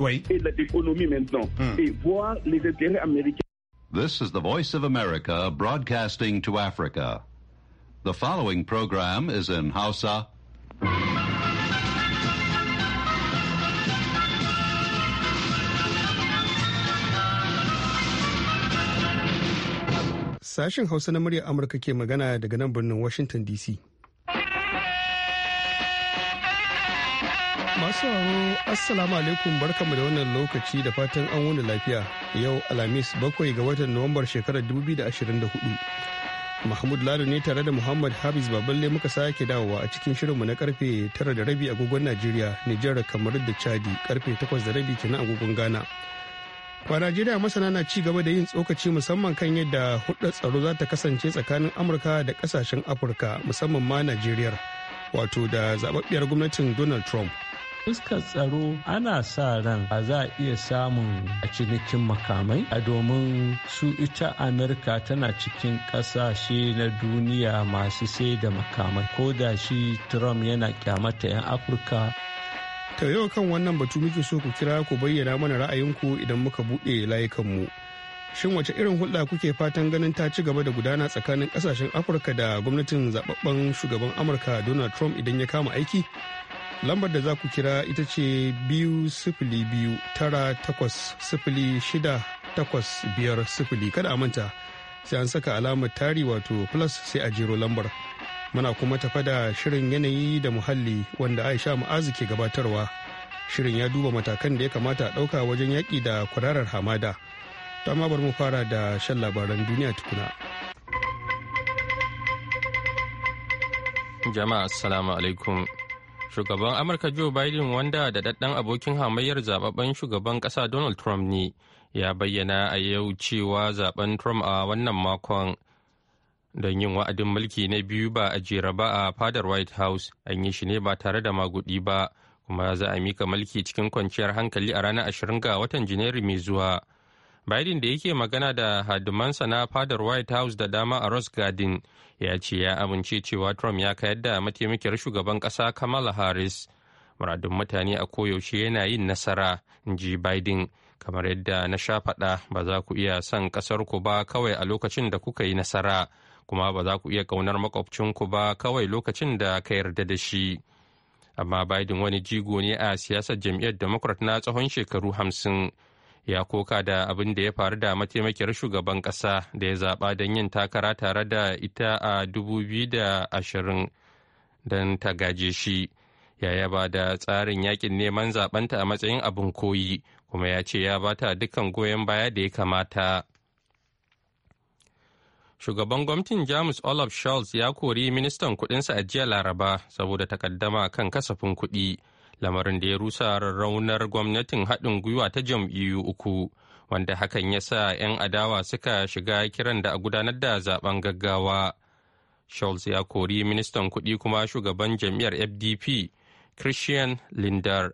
Oui. et l'économie maintenant, mm. et voir les intérêts américains. This is the Voice of America broadcasting to Africa. The following program is in Hausa. Sashen Hausa na muryar Amurka ke magana daga nan birnin Washington DC. masu sauraro assalamu alaikum barkamu da wannan lokaci da fatan an wuni lafiya yau alhamis bakwai ga watan nuwambar shekarar 2024 mahmud lado ne tare da muhammad hafiz baballe muka sake dawowa a cikin shirinmu na karfe 9 da rabi agogon najeriya nijar kamar da chadi karfe 8 da rabi kenan agogon ghana Kwa Najeriya masana na ci gaba da yin tsokaci musamman kan yadda hudda tsaro za ta kasance tsakanin Amurka da kasashen Afirka musamman ma Najeriya wato da zababbiyar gwamnatin Donald Trump. fuskar tsaro ana sa ran a za a iya samun a cinikin makamai a domin su ita amurka tana cikin kasashe na duniya masu sai da makamai ko da shi trump yana kyamata 'yan afirka ta yau kan wannan batu muke so ku kira ku bayyana mana ra'ayinku idan muka buɗe layukanmu shin wace irin hulɗa kuke fatan ganin ta ci gaba da gudana tsakanin ƙasashen afirka da gwamnatin zababben shugaban amurka donald trump idan ya kama aiki lambar da za ku kira ita ce biyu sifili biyu tara takwas sifili shida takwas biyar sifili kada a manta sai an saka alamar tari wato plus sai a jero lambar muna kuma tafa da shirin yanayi da muhalli wanda aisha ma'azu ke gabatarwa shirin ya duba matakan da ya kamata a ɗauka wajen yaƙi da kwararar hamada ta ma bar mu fara da shan labaran duniya tukuna jama'a assalamu alaikum shugaban amurka joe biden wanda da daddan abokin hamayyar zababben shugaban kasa donald trump ne ya bayyana a yau cewa zaben trump a wannan makon don yin wa'adin mulki na biyu ba a jera ba a fadar white house an yi shi ne ba tare da magudi ba kuma za a mika mulki cikin kwanciyar hankali a ranar ashirin ga watan janairu mai zuwa Biden da yake magana da hadumansa na fadar White House da dama a Rose Garden ya ce ya amince cewa Trump ya kayar da mataimakiyar shugaban ƙasa Kamala Harris. Muradun mutane a koyaushe yana yin nasara, in ji Biden. Kamar yadda na sha faɗa ba za ku iya son ƙasarku ba kawai a lokacin da kuka yi nasara, kuma ba za ku iya ƙaunar makwabcinku ba kawai lokacin da ka yarda da shi. Amma Biden wani jigo ne a siyasar jam'iyyar Democrat na tsawon shekaru hamsin. ya koka da abin da ya faru da mataimakiyar shugaban kasa da ya zaba don yin takara tare da ita a 2020 don ta gaje shi ya yaba da tsarin yakin neman zabanta a matsayin abin koyi kuma ya ce ya bata dukkan goyon baya da ya kamata. shugaban gwamnatin jamus olaf scholz ya kori ministan kudinsa a jiya laraba saboda takaddama kan kasafin kuɗi lamarin da ya rusa raunar gwamnatin haɗin gwiwa ta jam'iyyu uku wanda hakan ya sa 'yan adawa suka shiga kiran da a gudanar da zaben gaggawa Scholz ya kori ministan kuɗi kuma shugaban jam'iyyar fdp christian lindar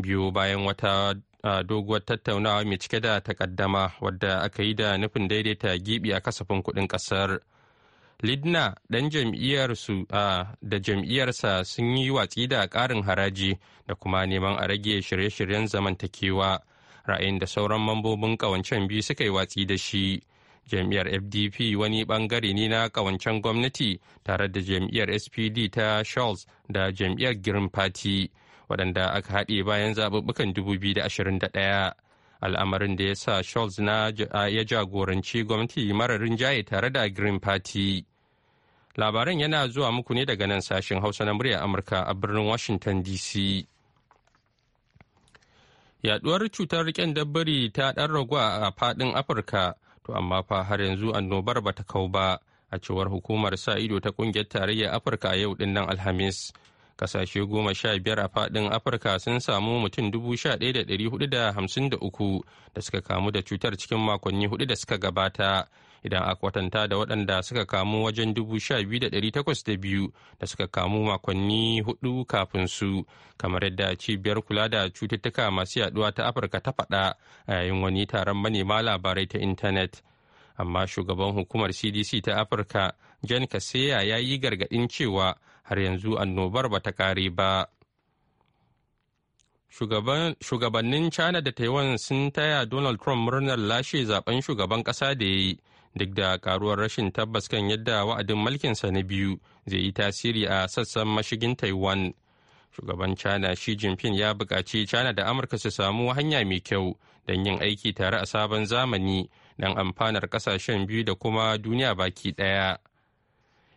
biyu bayan wata doguwar tattaunawa mai cike da takaddama wadda aka yi da nufin daidaita gibi a kasafin kuɗin ƙasar. lidna ɗan jam'iyyarsu da jam'iyyarsa sun yi watsi da ƙarin haraji da kuma neman a rage shirye-shiryen zamantakewa ra'ayin da sauran mambobin ƙawancen biyu suka yi watsi da shi jam'iyyar fdp wani ɓangare ne na ƙawancen gwamnati tare da jam'iyyar spd ta charles da jam'iyyar green party waɗanda aka haɗe bayan zaɓuɓɓukan 2021 al'amarin da ya sa charles na ya jagoranci gwamnati marar rinjaye tare da Green Party. Labaran yana zuwa muku ne daga nan sashen Hausa na murya Amurka a birnin Washington DC. Yaduwar cutar riken dabbari ta ɗan ragu a fadin Afirka, to amma fa har yanzu annobar ba ta kau ba, a cewar hukumar sa ido ta kungiyar tarayyar Afirka yau din nan Alhamis. kasashe goma sha biyar a fadin afirka sun samu mutum dubu sha da ɗari hudu da hamsin da uku da suka kamu da cutar cikin makonni hudu da suka gabata idan aka kwatanta da waɗanda suka kamu wajen dubu sha da ɗari takwas da biyu da suka kamu makonni hudu kafin su kamar yadda cibiyar kula da cututtuka masu yaduwa ta afirka ta faɗa a yayin wani taron manema labarai ta intanet amma shugaban hukumar cdc ta afirka jan kaseya ya yi gargaɗin cewa har yanzu annobar ba ta kare ba shugabannin china da taiwan sun taya donald trump murnar lashe zaben shugaban ƙasa da ya yi duk da karuwar rashin tabbas kan yadda wa'adin mulkinsa na biyu zai yi tasiri a sassan mashigin taiwan shugaban china shi jinping ya buƙaci china da amurka su samu hanya mai kyau don yin aiki tare a sabon zamani don amfanar ƙasashen biyu da kuma duniya baki ɗaya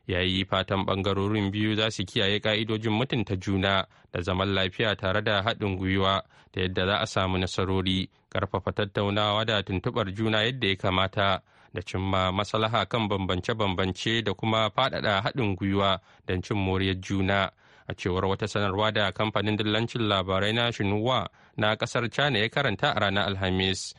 ya yi fatan ɓangarorin biyu za su kiyaye ƙa'idojin mutunta juna da zaman lafiya tare da haɗin gwiwa da yadda za a samu nasarori ƙarfafa tattaunawa da tuntuɓar juna yadda ya kamata da cimma maslaha kan bambance-bambance da kuma faɗaɗa haɗin gwiwa don cin moriyar juna a cewar wata sanarwa da kamfanin dillancin labarai na shinuwa na ƙasar china ya karanta a ranar alhamis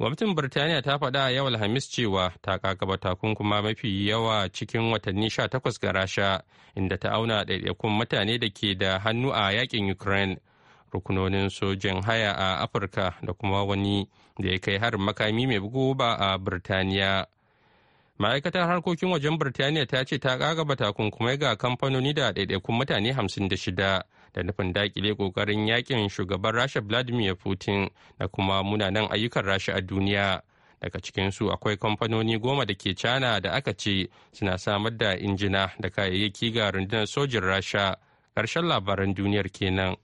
gwamnatin birtaniya ta faɗa a yau alhamis cewa ta kakaba takunkuma mafi yawa cikin watanni 18 ga rasha inda ta auna ɗaiɗaikun mutane da ke da hannu a yakin ukraine rukunonin sojin haya a afirka da kuma wani da ya kai harin makami mai bugu ba a Birtaniya. Ma'aikatar harkokin wajen Birtaniya ta ce ta kagaba takunkumai ga kamfanoni da ɗaiɗaikun mutane hamsin da shida da nufin dakile ƙoƙarin yakin shugaban Rasha Vladimir Putin da kuma munanan ayyukan Rasha a duniya. Daga cikinsu akwai kamfanoni goma da ke cana da aka ce suna samar da injina da kayayyaki ga rundunar sojin Rasha. Ƙarshen labaran duniyar kenan.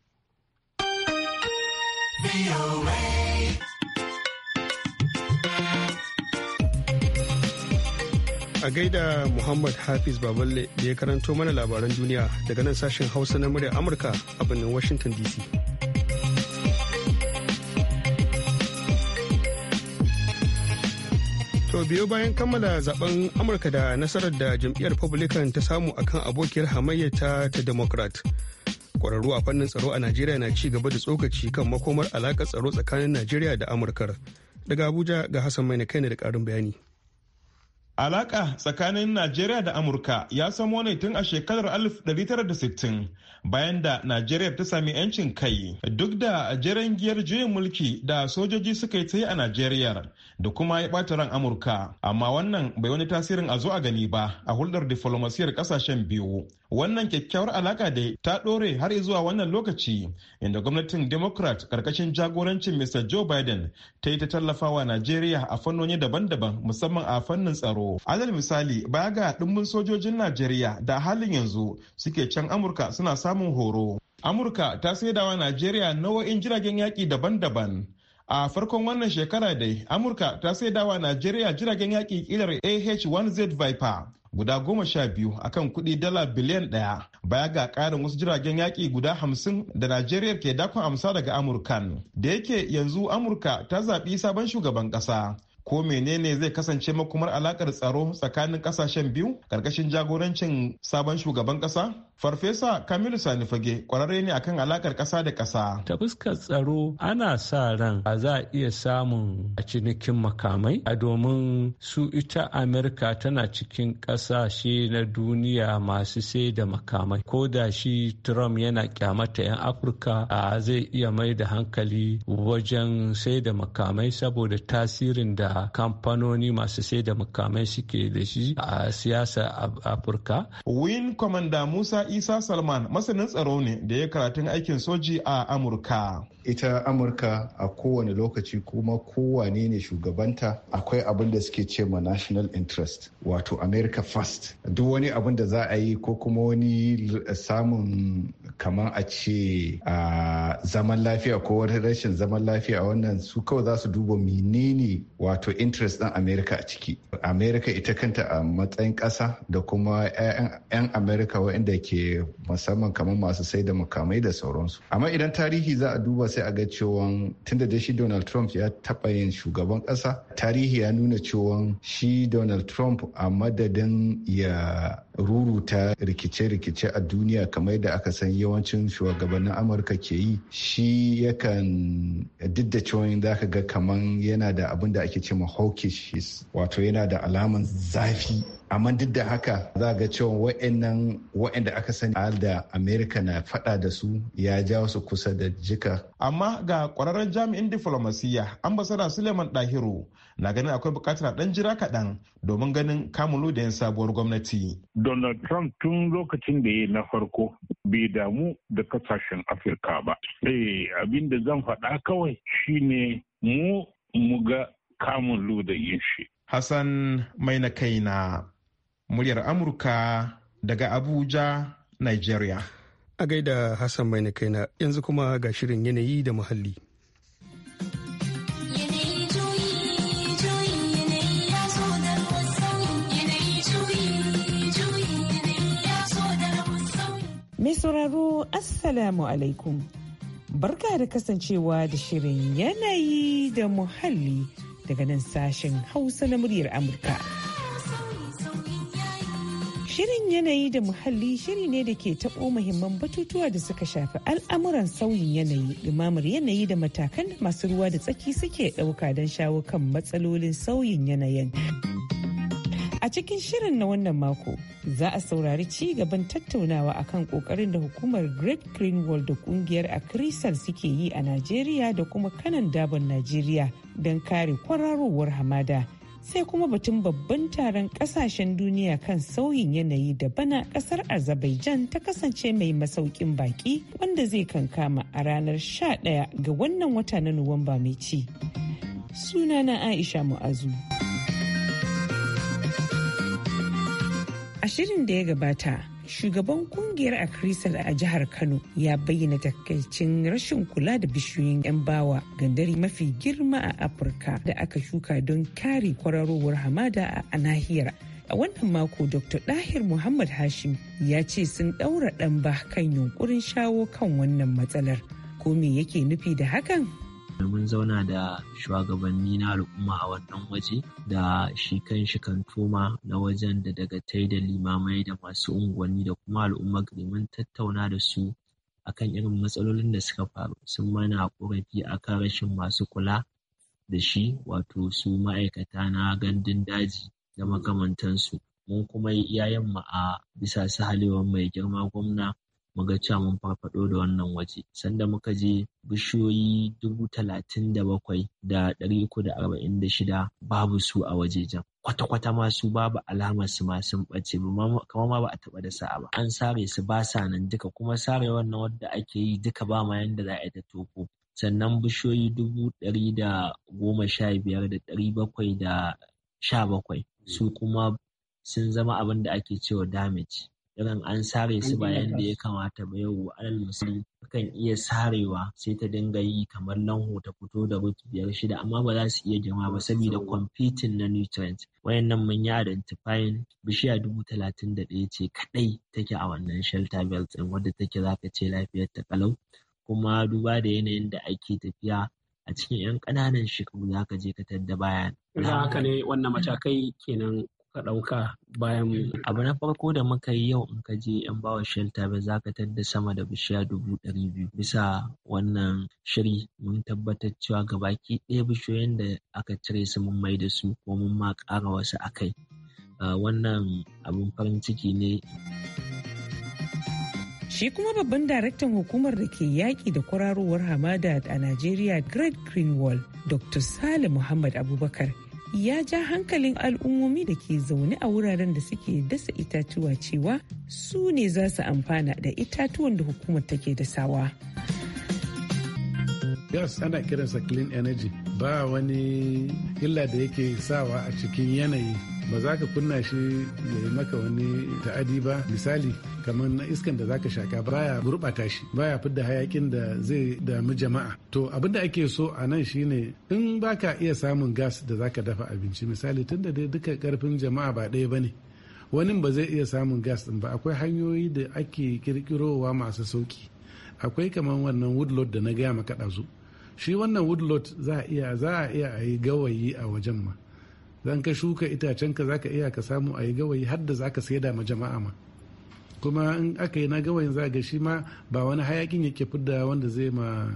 A gaida Muhammad Hafiz Baballe da ya karanto mana labaran duniya daga nan sashen Hausa na murya Amurka a birnin Washington DC. To biyo bayan kammala zaben Amurka da nasarar da jam'iyyar Republican ta samu akan abokiyar hamayyata ta Democrat. Kwararru a fannin tsaro a Najeriya na ci gaba da tsokaci kan makomar alaƙar tsaro tsakanin Najeriya da Amurkar. Daga Abuja ga Hassan Mai na kai da ƙarin bayani. Alaka tsakanin Najeriya da Amurka ya samo ne tun a shekarar 1960 bayan da Najeriya ta sami 'yancin kai duk da jiran juyin mulki da sojoji suka yi ta yi a Najeriya da kuma ya bata ran Amurka. Amma wannan bai wani tasirin a zo a gani ba a hulɗar diflomasiyar ƙasashen biyu. wannan kyakkyawar alaka da ta ɗore har zuwa wannan lokaci inda gwamnatin democrat karkashin jagorancin mr joe biden ta yi ta tallafawa najeriya a fannoni daban-daban musamman a fannin tsaro alal misali baya ga ɗumbin sojojin najeriya da halin yanzu suke can amurka suna samun horo amurka ta wa najeriya nau'o'in jiragen yaƙi daban-daban a farkon wannan shekara dai amurka ta saidawa najeriya jiragen yaƙi ƙilar ah-1z viper guda goma sha biyu akan kuɗi dala biliyan ɗaya baya ga ƙarin wasu jiragen yaƙi guda hamsin da najeriya ke dakon amsa daga amurkan da yake yanzu amurka ta zaɓi sabon shugaban ƙasa ko menene zai kasance makomar alakar tsaro tsakanin kasashen biyu karkashin jagorancin sabon shugaban kasa farfesa kamilu sani fage kwararre ne akan alakar kasa da kasa ta fuskar tsaro ana sa ran a za a iya samun a cinikin makamai a domin su ita amerika tana cikin kasashe na duniya masu sai da makamai ko da shi trump yana kyamata 'yan afirka a zai iya mai da hankali wajen sai da makamai saboda tasirin da kamfanoni masu sai da mukamai suke da shi a siyasa afirka win kwamanda musa isa salman masanin tsaro ne da ya karatun aikin soji a amurka ita amurka a kowane lokaci kuma kowane ne shugabanta akwai abin da suke ce ma national interest wato america first duk wani abin da za a yi ko kuma wani samun kamar a ce a zaman lafiya ko wani rashin zaman lafiya wannan su kawai za su duba menene wato interest ɗin america a ciki america ita kanta a matsayin ƙasa da kuma 'yan america waɗanda ke musamman kamar masu sai da makamai da sauransu amma idan tarihi za a duba sai a ga cewa tunda da shi Donald Trump ya taɓa yin shugaban ƙasa tarihi ya nuna cewa shi Donald Trump a madadin ya ruruta rikice-rikice a duniya kamar da aka san yawancin shugabannin Amurka ke yi shi yakan duk da cewa za ka ga kaman yana da abin da ake ce ma hawkish wato yana da alaman zafi amma duk da haka za ga cewa wa'annan wa'anda aka sani a da Amerika na fada da su ya ja su kusa da jika amma ga kwararren jami'in diflomasiyya ambasada suleiman dahiru na ganin akwai bukatar dan jira kaɗan domin ganin kamulu da yan sabuwar gwamnati donald trump tun lokacin da ya na farko bai damu da kasashen afirka ba eh abin da zan faɗa kawai shine mu mu ga kamun yin shi hassan mai na kaina muryar Amurka daga Abuja, Nigeria. A gaida Hassan mai na kaina yanzu kuma ga shirin yanayi da muhalli. Mai sauraro Assalamu alaikum. Barka da kasancewa da shirin yanayi da muhalli daga nan sashen Hausa na muryar Amurka. Shirin yanayi da muhalli shiri ne da ke taɓo muhimman batutuwa da suka shafi al'amuran sauyin yanayi, dumamar yanayi da matakan masu ruwa da tsaki suke ɗauka don shawo kan matsalolin sauyin yanayin. A cikin shirin na wannan mako, za a saurari ci gaban tattaunawa a kan kokarin da hukumar Great Green World da kungiyar Akrisal suke yi a Najeriya da kuma kanan dabon Najeriya don kare kwararowar hamada. sai kuma batun babban taron kasashen duniya kan sauyin yanayi da bana kasar azerbaijan ta kasance mai masaukin baki wanda zai kankama a ranar 11 ga wannan wata na nuwamba mai ci Suna na aisha mu'azu a shirin da ya gabata shugaban kungiyar akrisal a jihar kano ya bayyana takaicin rashin kula da bishiyoyin yan bawa gandari mafi girma a afirka da aka shuka don kare kwararowar hamada a nahiyar a wannan mako dr dahir muhammad hashim ya ce sun ɗaura ɗan ba kan yunkurin shawo kan wannan matsalar ko me yake nufi da hakan mun zauna da shugabanni na al'umma a wannan waje da shi kan shi kantoma na wajen da daga tai da limamai da masu unguwanni da kuma al'ummar gari mun tattauna da su akan irin matsalolin da suka faru sun mana korafi akan rashin masu kula da shi wato su ma'aikata na gandun daji da makamantansu mun kuma yi iyayen mu a bisa sahalewar mai girma gwamna Mu ga cewa mun farfaɗo da wannan waje sanda muka je bishiyoyi dubu talatin da bakwai da ɗari uku da arba'in da shida babu su a wajejen kwata-kwata ma su babu alamar su ma sun ɓace kamar ma ba a taɓa da sa'a ba an sare su ba sa nan duka kuma sare wannan wadda ake yi duka ba ma yanda za a yi ta toko sannan bishiyoyi dubu ɗari da goma sha biyar da ɗari bakwai da sha bakwai su kuma sun zama abin da ake cewa damage irin an sare su ba da ya kamata ba yau alal misali kan iya sarewa sai ta dinga yi kamar lanho ta fito da ruki biyar shida amma ba za su iya girma ba saboda competing na nutrients nan, mun yi identifying bishiya dubu talatin da ɗaya ce kaɗai take a wannan shelter belt ɗin wadda take za ka ce lafiyar ta kalau kuma duba da yanayin da ake tafiya a cikin 'yan ƙananan shekaru za ka je ka tadda bayan. Za haka ne wannan matakai kenan ka ɗauka bayan abu na farko da muka yi yau in ka je yan bawa shelter ba za ka tadda sama da bishiya dubu ɗari biyu bisa wannan shiri mun tabbatar cewa gabaki ɗaya bishiyoyin da aka cire su mun mai da su ko mun ma ƙara wasu a kai wannan abun farin ciki ne. Shi kuma babban daraktan hukumar da ke yaƙi da kwararowar hamada a Najeriya Greg Greenwald, Dr. Salim Muhammad Abubakar ya ja hankalin al'ummomi da ke zaune a wuraren da suke dasa itatuwa cewa su ne za su amfana da itatuwan da hukumar take dasawa. gas ana kiransa clean energy ba wani illa da yake sawa a cikin yanayi ba za ka kunna shi ya yi maka wani ta'adi ba misali kamar na iskan da zaka shaka baya gurbata shi baya fidda hayakin da zai damu jama'a to abinda ake so a nan shine in baka iya samun gas da zaka dafa abinci misali tunda dai duka karfin jama'a ba ɗaya bane wani ba zai iya samun gas din ba akwai hanyoyi da ake kirkirowa masu sauki akwai kamar wannan woodlot da na gaya maka ɗazu shi wannan woodlot za a iya a yi gawayi a wajen ma zan ka shuka itacen ka zaka iya ka samu a yi gawayi har da zaka saida ma jama'a ma kuma in aka yi na gawayin za ga shi ma ba wani hayakin yake fidda wanda zai ma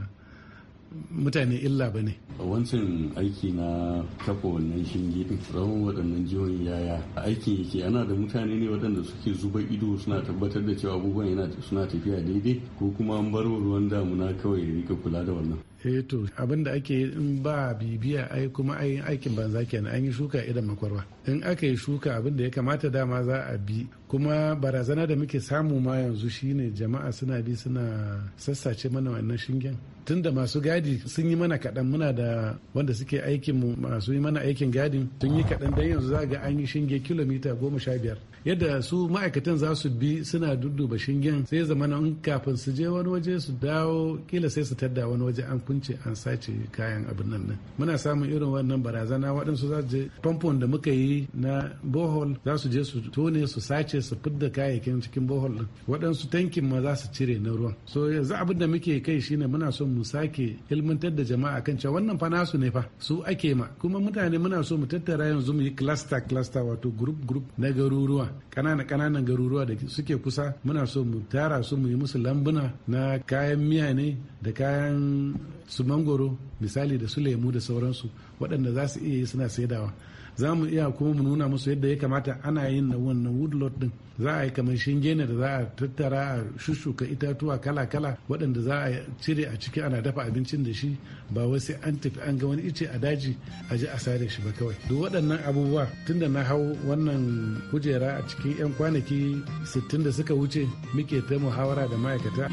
mutane illa ba ne. wancan aiki na kafa wannan shinge tsawon waɗannan jihohin yaya aikin yake ana da mutane ne waɗanda suke zuba ido suna tabbatar da cewa abubuwan suna tafiya daidai ko kuma an bar ruwan damuna kawai ya rika kula da wannan. Eh to abin da ake in ba bibiya ai kuma ai aikin banza kenan an yi shuka idan makwarwa in aka yi shuka abin da ya kamata dama za a bi kuma barazana da muke samu ma yanzu shine jama'a suna bi suna sassace mana wannan shingen tunda masu gadi sun yi mana kaɗan muna da wanda suke aikin mu masu yi mana aikin gadi sun yi kaɗan dan yanzu za ga an yi shinge kilomita goma sha biyar yadda su ma'aikatan za su bi suna dudduba shingen sai zama na kafin su je wani waje su dawo kila sai su tadda wani waje an kunce an sace kayan abin nan nan muna samun irin wannan barazana waɗansu za su je famfon da muka yi na bohol za su je su tone su sace su fidda kayayyakin cikin bohol din waɗansu tankin ma za su cire na ruwan so yanzu abin da muke kai shine muna so mu sake ilmantar da jama'a kan cewa wannan fa nasu ne fa su ake ma kuma mutane muna so mu tattara yanzu mu yi cluster cluster wato group group na garuruwa kanana kananan garuruwa da suke kusa muna so mu tara su mu yi musu lambuna na kayan miya ne da kayan su mangoro misali da su lemu da sauransu waɗanda za su iya yi suna saidawa za mu iya kuma mu nuna musu yadda ya kamata ana yin na wannan woodlot din za a yi kamar shinge ne da za a tattara a shushuka itatuwa kala-kala waɗanda za a cire a ciki ana dafa abincin da shi ba wai sai an tafi an ga wani ice a daji a je a sare shi ba kawai duk waɗannan abubuwa tunda na hau wannan kujera a cikin 'yan kwanaki sittin da suka wuce muke ta muhawara da ma'aikata.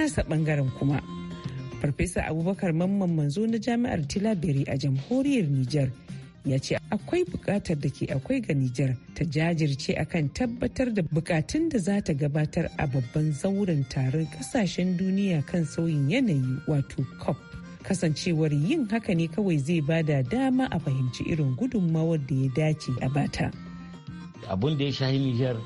nasa bangaren kuma Farfesa Abubakar Mamman Manzo na Jami'ar Tilaberi a jamhuriyar Nijar ya ce akwai bukatar da ke akwai ga Nijar ta jajirce akan tabbatar da bukatun da za ta gabatar a babban zauren taron kasashen duniya kan sauyin yanayi wato COP. Kasancewar yin haka ne kawai zai bada dama a fahimci irin gudunmawar da ya dace a bata. Abun da ya shahi Nijar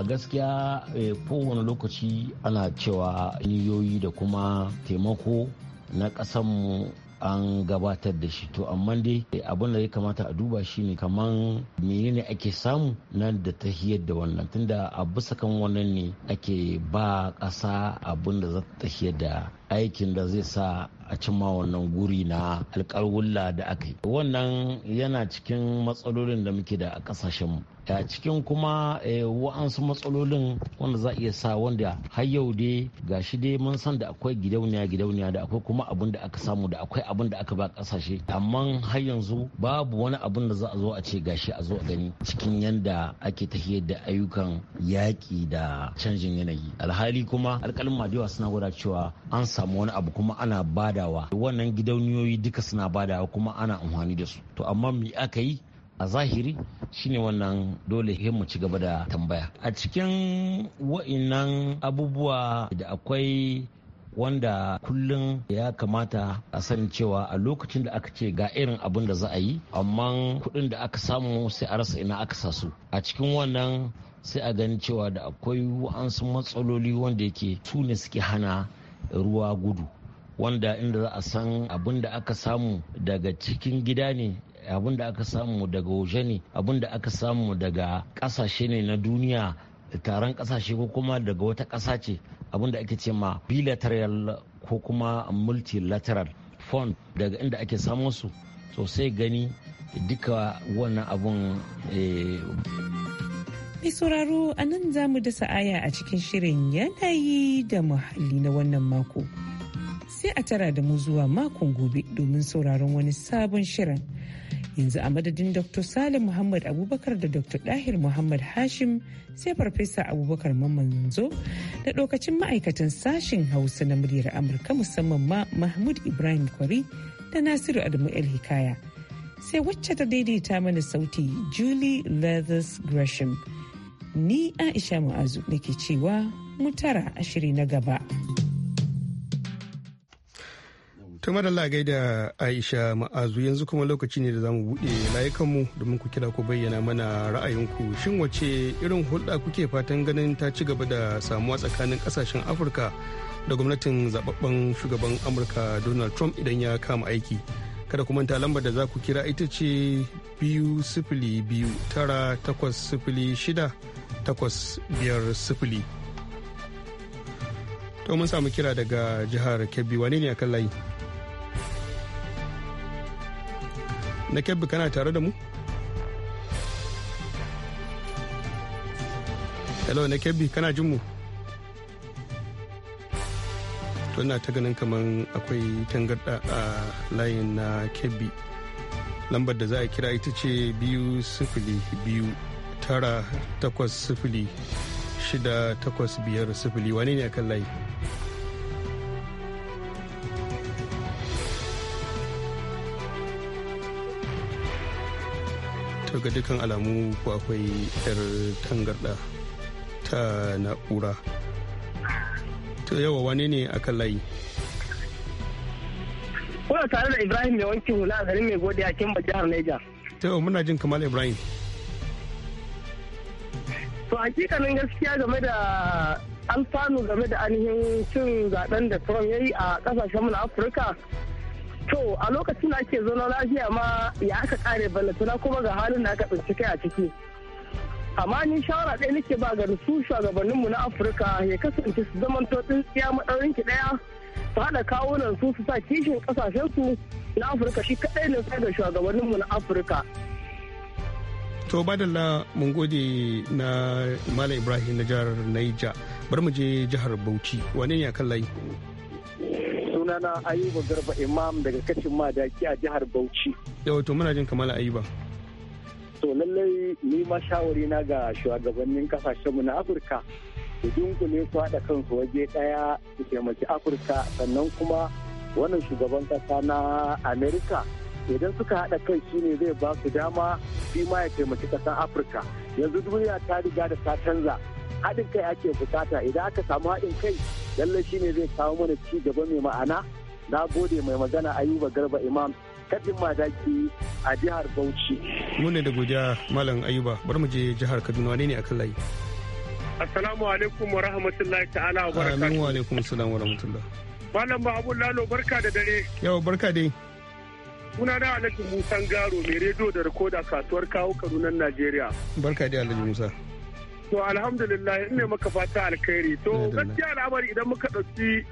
a gaskiya eh, kowane lokaci ana cewa niyoyi da kuma taimako na ƙasanmu an gabatar da shi to amma dai eh, abin da ya kamata a duba shi ne kaman menene ake samu nan da ta hiyar da wannan tunda a bisa kan wannan ne ake ba ƙasa abin da za ta hiyar da aikin da zai sa a cimma wannan guri na alƙalwulla da aka yi wannan yana cikin matsalolin da muke da a kasashen a cikin kuma eh, wa'ansu matsalolin wanda za iya sa wanda har yau dai gashi dai mun san da akwai gidauniya gidauniya da akwai kuma abin da aka samu da akwai abin da aka ba kasashe amma har yanzu babu wani abin da za a zo a ce gashi a zo a gani cikin yanda ake tafiyar da ayyukan yaƙi da canjin yanayi alhali kuma alƙalin madewa suna gwada cewa an samu wani abu kuma ana badawa wannan gidauniyoyi duka suna badawa kuma ana amfani da su to amma me aka yi a zahiri shine wannan dole mu ci gaba da tambaya a cikin wa'innan abubuwa da akwai wanda kullum ya kamata a sani cewa a lokacin da aka ce ga irin abin da za a yi amma kuɗin da aka samu sai a rasa ina aka sasu a cikin wannan sai a gani cewa da akwai wa'ansu matsaloli wanda yake su ne suke hana ruwa gudu wanda inda za a san abin da aka samu daga cikin gida ne abin da aka samu daga waje ne abin da aka samu daga kasashe ne na duniya taron kasashe ko kuma daga wata kasa ce abin da ake ce ma bilateral ko kuma multilateral fund daga inda ake samun su sosai gani duka wannan abun eh, Mai sauraro a nan za mu dasa aya a cikin shirin yanayi da muhalli na wannan mako. Sai a tara da mu zuwa makon gobe domin sauraron wani sabon shirin. Yanzu a madadin Dr. Salim Muhammad Abubakar da Dr. Dahir Muhammad Hashim sai Farfesa Abubakar Mamanzo da ɗaukacin ma'aikatan sashin Hausa na muryar Amurka musamman ma Mahmud Ibrahim Kwari da Nasiru Adamu El Hikaya. Sai wacce ta daidaita mana sauti Julie Leathers Gresham. ni aisha mu'azu nake cewa mutara ashiri na gaba tun madalla gaida aisha ma'azu yanzu kuma lokaci ne da zamu buɗe layukanmu domin ku kira ku bayyana mana ra'ayinku shin wace irin hulɗa kuke fatan ganin ta ci gaba da samuwa tsakanin ƙasashen afirka da gwamnatin zababben shugaban amurka donald trump idan ya kama aiki kada ku manta lambar da za ku kira ita ce biyu sifili biyu tara takwas sifili shida 0800 to mun samu kira daga jihar kebbi wane ne a kan layi na kebbi kana tare da mu hello na kebbi kana jin mu to na ta ganin kamar akwai tangarda a layin na kebbi lambar da za a kira ita ce biyu sifili biyu tara takwas sifili shida takwas biyar sifili wane ne akan layi? to ga dukkan alamu ko akwai yar tangarda ta na'ura to yawa wane ne akan layi? kuna tare da ibrahim mai wankin hula a garin mai godiya kimba niger Neja. to muna jin kamal ibrahim hakikanin gaskiya game da alfanu game da ainihin cin zaben da Trump ya yi a kasashen mu na Afirka. To a lokacin da ake zaune lafiya ma ya aka kare ballatana kuma ga halin da aka tsinci kai a ciki. Amma ni shawara ɗaya nake ba ga su shugabanninmu na Afirka ya kasance su zamanto tsintsiya ki ɗaya su haɗa kawunan su su sa kishin su na Afirka shi kaɗai ne sai ga shugabanninmu na Afirka. to la mun gode na mala ibrahim na jihar naija bar mu je jihar bauchi wane ne kan layi sunana ayuba garba imam daga kashin madaki a jihar bauchi yau to muna jin kamala ayuba to lallai ni ma shawari na ga shugabannin mu na afirka su ne su haɗa kansu waje ɗaya su taimaki afirka sannan kuma wannan shugaban ƙasa na amerika idan suka haɗa kai shine zai ba su dama shi ma ya taimaki ƙasar afirka yanzu duniya ta riga da ta canza haɗin kai ake bukata idan aka samu haɗin kai lallai shine zai kawo mana ci gaba mai ma'ana na gode mai magana ayuba garba imam kadin madaki a jihar bauchi mune da godiya malam ayuba bari mu je jihar kaduna wane ne akan layi assalamu alaikum wa rahmatullahi ta'ala wa barakatuh wa alaikum assalam wa rahmatullah malam ba abu lalo barka da dare yau barka dai Suna na Alhaji Musa Garo mai rediyo da rikoda kasuwar kawo Kaduna Najeriya. Barka da Alhaji Musa. To alhamdulillah ne maka fata alkhairi. To gaskiya al'amari idan muka ɗauki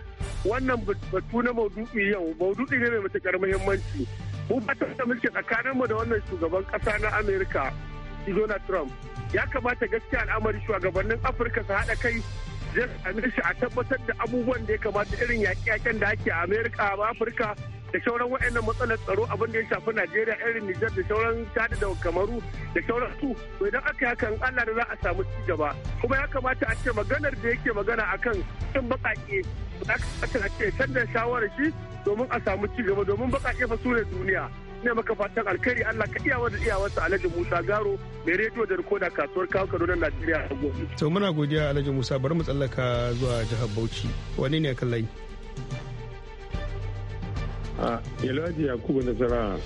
wannan batu na maudu'i yau maudu'i ne mai matuƙar muhimmanci. Mu ba ta muke tsakaninmu da wannan shugaban ƙasa na Amerika Donald Trump. Ya kamata gaskiya al'amari shugabannin Afirka su haɗa kai zai same shi a tabbatar da abubuwan da ya kamata irin yaƙe-yaƙen da ake a Amerika a Afirka da sauran waɗannan matsalar tsaro abin da ya shafi Najeriya irin Nijar da sauran Chad da Kamaru da sauran su to idan aka yi hakan Allah da za a samu ci gaba kuma ya kamata a ce maganar da yake magana akan cin baƙaƙe ya ce a ce canza shawarar shi domin a samu ci gaba domin baƙaƙe fa su ne duniya ne maka fatan alkhairi Allah ka iyawa da iyawarsa Alhaji Musa Garo mai rediyo da rikoda kasuwar kawo Kaduna Najeriya a gobe. To muna godiya Alhaji Musa bari mu tsallaka zuwa jihar Bauchi wani ne kan layi. a ah, yalwaji yakubu nasara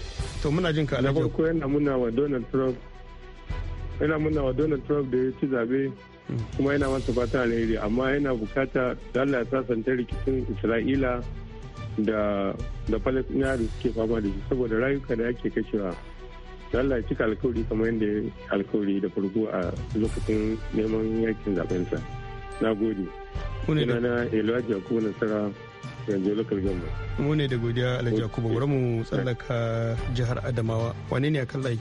to muna jin ka alhaji na farko yana muna wa donald trump yana muna wa donald trump da ya ci zabe hmm. kuma yana masa fata alheri amma yana bukata da allah ya sasanta rikicin isra'ila da da palestiniya da suke fama da shi saboda rayuka da yake kashewa Allah ya cika alkawari kamar yadda ya alkawari da farko a lokacin neman yakin sa. Na gode. Sunana Elijah Kuna Sara yanzu mu ne da godiya alhaji yakubu bari mu tsallaka jihar adamawa wane ne a kan layi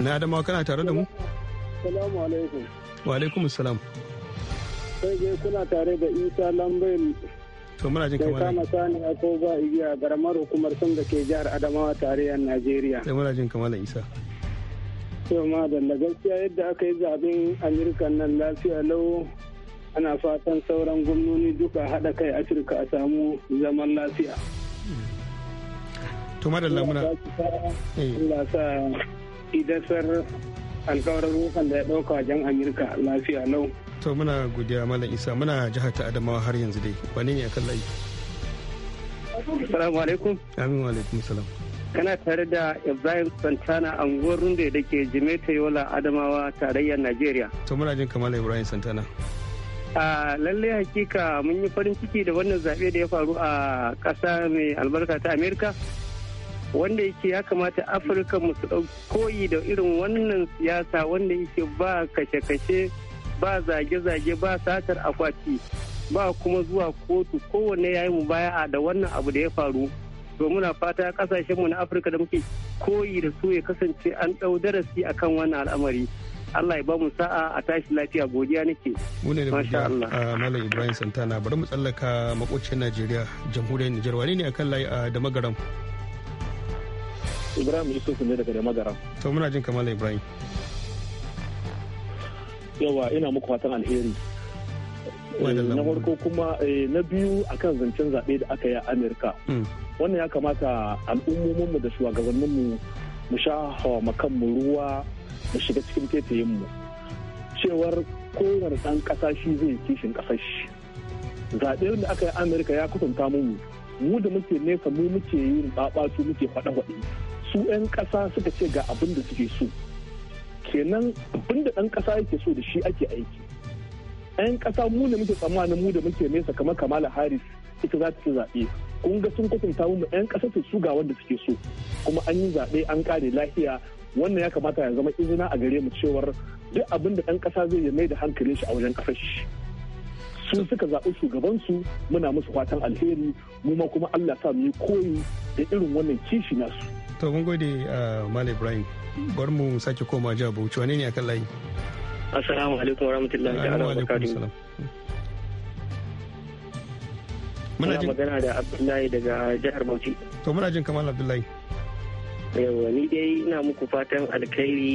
na adamawa kana tare da mu salamu alaikum wa alaikum salam sai dai kuna tare da isa lambayin to muna jin kamar kama sani a ko ba igiya garamar hukumar sun da ke jihar adamawa tarayyar najeriya sai muna jin kamar isa to da gaskiya yadda aka yi zaben amurka nan lafiya lau ana fatan sauran gwamnoni duka haɗa kai afirka a samu zaman lafiya to madalla muna eh. Allah sa idasar alkawarin rufan da ya ɗauka wajen amurka lafiya lau to muna godiya malam isa muna jihar ta adamawa har yanzu dai wani ne akan layi assalamu alaikum amin wa alaikum salam kana tare da ibrahim santana a runde da ke jimeta yola adamawa tarayyar najeriya to muna jin kamar ibrahim santana a lalle hakika mun yi farin ciki da wannan zaɓe da ya faru a ƙasa mai albarka ta amerika wanda yake ya kamata afirka musu koyi da irin wannan siyasa wanda yake ba kashe-kashe ba zage-zage ba satar akwati ba kuma zuwa kotu kowanne ya yi mu baya da wannan abu da ya faru to muna fata kasashenmu na afirka da muke koyi da su ya kasance an ɗau darasi akan wannan al'amari Allah ya ba mu sa'a a tashi lafiya godiya nake. Mu ne da godiya ah, Malam Ibrahim Santana bari mu tsallaka makocin Najeriya jamhuriyar Nijar wani ne akan layi ah, da magaram. Ibrahim Yusuf ne daga Dama garam. To muna jin kamar Ibrahim. Yawa ina muku fatan alheri. na farko kuma eh, na biyu akan zancen zaɓe da aka yi a amurka mm. wannan ya kamata al'ummominmu da shugabanninmu mu sha hawa makanmu ruwa da shiga cikin tetayen mu cewar kowane ɗan ƙasa shi zai kishin ƙasar shi zaɓe da aka yi amurka ya kusanta mu mu da muke nesa mu muke yin ɓaɓatu muke faɗa-faɗi su 'yan ƙasa suka ce ga abin da suke so kenan abin da ɗan ƙasa yake so da shi ake aiki 'yan ƙasa mu da muke tsammanin mu da muke nesa kamar kamala harris ita za ta ci zaɓe kun ga sun kwatanta mu yan kasa su su ga wanda suke so kuma an yi zaɓe an kare lafiya wannan ya kamata ya zama izina a gare mu cewar duk abin da ɗan ƙasa zai mai da hankalin shi a wajen ƙasar shi su suka zaɓi shugabansu muna musu fatan alheri mu ma kuma Allah sa mu yi koyi da irin wannan kishi nasu to mun gode uh, Malam Ibrahim bar mu sake koma jihar Bauchi wane ne akan layi assalamu alaikum warahmatullahi wabarakatuh wa muna jin magana da abdullahi daga jihar bauchi to muna jin kamar abdullahi yawa ni dai ina muku fatan alkhairi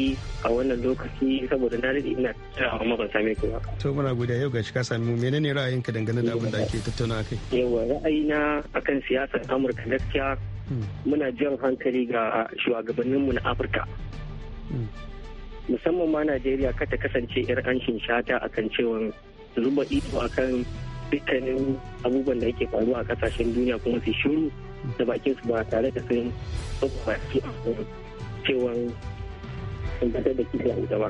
a wannan lokaci saboda na daɗe ina tattawa amma ban same ku ba to muna godiya yau gashi ka sami mu menene ra'ayinka dangane da abin da ake tattauna kai yawa ra'ayina akan siyasar amurka gaskiya hmm. muna jan hankali ga shugabanninmu na afirka hmm. musamman ma najeriya kata kasance 'yar an shata akan cewa zuba ido akan dukkanin abubuwan da yake faruwa a kasashen duniya kuma su shiru da bakin su ba tare da sun baki a cewa sun fitar da kisa a wuta ba.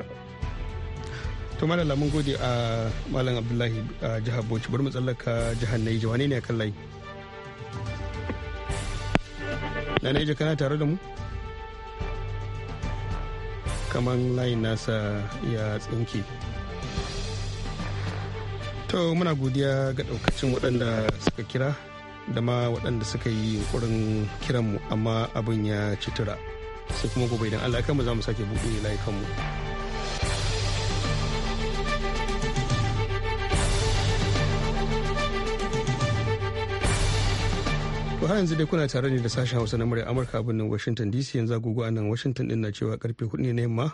to malala mun gode a malam abdullahi a jihar bauchi bari mu tsallaka jihar naija wane ne a kan layi na naija kana tare da mu kamar layin nasa ya tsinke to muna godiya ga daukacin waɗanda suka kira da ma waɗanda suka yi yunkurin kiranmu amma abin ya citura sai kuma gobe idan allah kanmu za mu sake buɗe layukanmu har yanzu dai kuna tare ne da sashen hausa na murya amurka a birnin washington dc yanzu agogo a nan washington din na cewa karfe hudu ne na yamma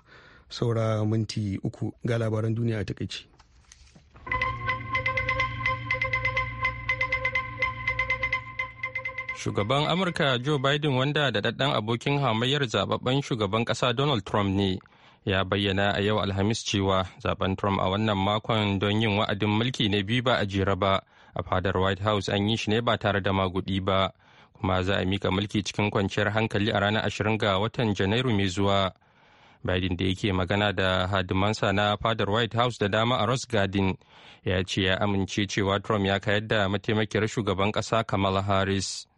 saura minti uku ga labaran duniya a takaici Shugaban Amurka Joe Biden wanda da daddan abokin hamayyar zababben shugaban ƙasa Donald Trump ne ya bayyana a yau Alhamis cewa zaben Trump a wannan makon don yin wa'adin mulki na biyu ba a jere ba a fadar White House an yi shi ne ba tare da magudi ba kuma za a mika mulki cikin kwanciyar hankali a ranar 20 ga watan Janairu mai zuwa. Biden da yake magana da hadimansa na fadar White House da dama a Rose Garden ya ce ya amince cewa Trump ya kayar da mataimakiyar shugaban ƙasa Kamala Harris.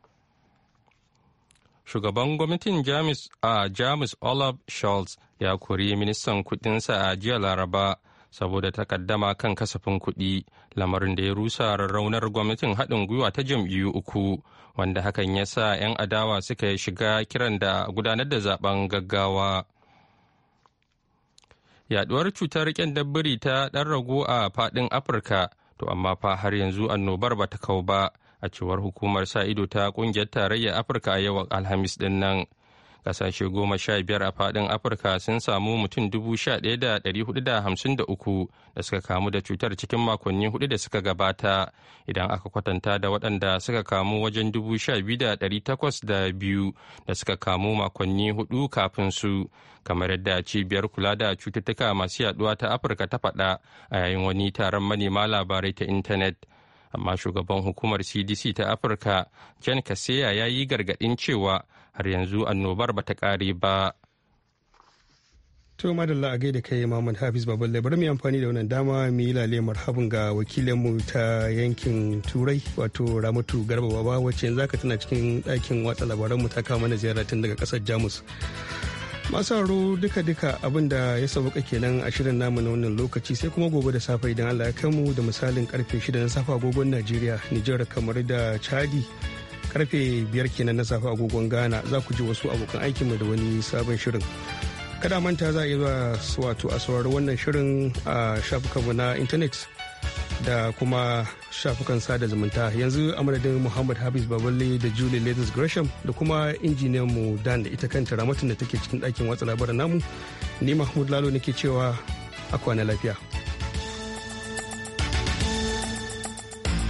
shugaban gwamnatin jamus a jamus olaf scholz ya kori ministan kudinsa a jiya laraba saboda takaddama kan kasafin kuɗi lamarin da ya rusa raunar gwamnatin haɗin gwiwa ta jam'iyyu uku wanda hakan ya sa 'yan adawa suka shiga kiran da gudanar da zaben gaggawa yaduwar cutar dabbiri ta ɗan rago a faɗin afirka to amma fa har yanzu annobar ba ta kau ba a cewar hukumar sa ido ta kungiyar tarayyar afirka a yau alhamis din nan kasashe goma sha biyar a fadin afirka sun samu mutum dubu sha ɗaya da ɗari hudu da hamsin da uku da suka kamu da cutar cikin makonni hudu da suka gabata idan aka kwatanta da waɗanda suka kamu wajen dubu sha biyu da ɗari takwas da biyu da suka kamu makonni hudu kafin su kamar yadda cibiyar kula da cututtuka masu yaduwa ta afirka ta faɗa a yayin wani taron manema labarai ta intanet amma shugaban hukumar cdc ta afirka jan kaseya ya yi gargaɗin cewa har yanzu annobar bata kare ba to madalla a gaida kai Muhammad Hafiz Baballe bari mu amfani da wannan dama mu yi lale marhabin ga wakilinmu ta yankin Turai wato Ramatu Garba Baba wacce yanzu haka tana cikin ɗakin watsa labaran mu ta kawo mana ziyara tun daga ƙasar Jamus. masaro duka-duka abinda ya sauka kenan a shirin namu na wannan lokaci sai kuma gobe da safe idan allah ya mu da misalin karfe 6 na safe agogon najeriya nijar kamar da chadi karfe 5 kenan na safe agogon ghana za ku ji wasu abokan aikinmu da wani sabon shirin kada manta za a yi wato a saurari wannan shirin a shafukanmu na intanet da kuma shafukan sada zumunta yanzu amadadin muhammad habis baballe da julie ladies gresham da kuma injiniyan mu dan da ita kanta ramatun da take cikin ɗakin watsa labaran namu ni mahmud lalo nake cewa a kwana lafiya